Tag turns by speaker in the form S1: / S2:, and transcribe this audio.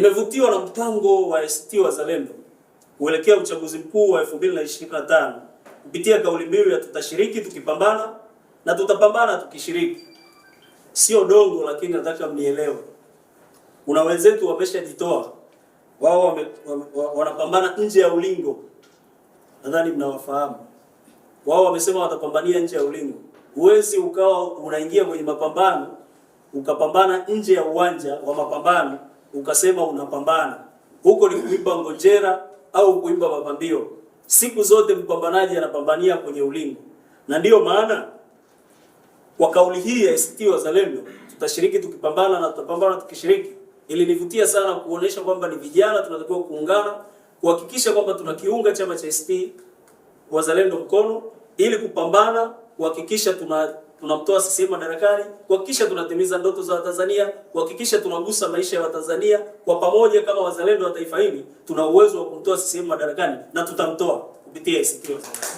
S1: Nimevutiwa na mpango wa ACT Wazalendo kuelekea uchaguzi mkuu wa 2025 kupitia kauli mbiu ya tutashiriki tukipambana na tutapambana tukishiriki. Sio dongo, lakini nataka mnielewe. Kuna wenzetu wameshajitoa wao, wame, wanapambana nje ya ulingo, nadhani mnawafahamu. Wao wamesema watapambania nje ya ulingo. Huwezi ukawa unaingia kwenye mapambano ukapambana nje ya uwanja wa mapambano ukasema unapambana, huko ni kuimba ngojera au kuimba mapambio. Siku zote mpambanaji anapambania kwenye ulingo, na ndiyo maana kwa kauli hii ya ACT Wazalendo tutashiriki tukipambana na tutapambana tukishiriki, ilinivutia sana kuonesha kwamba ni vijana tunatakiwa kuungana kuhakikisha kwamba tunakiunga chama cha ACT Wazalendo mkono ili kupambana kuhakikisha tuna tunamtoa CCM madarakani, kuhakikisha tunatimiza ndoto za Watanzania, kuhakikisha tunagusa maisha ya Watanzania kwa pamoja. Kama wazalendo wa taifa hili, tuna uwezo wa kumtoa CCM madarakani na tutamtoa kupitia ACT Wazalendo.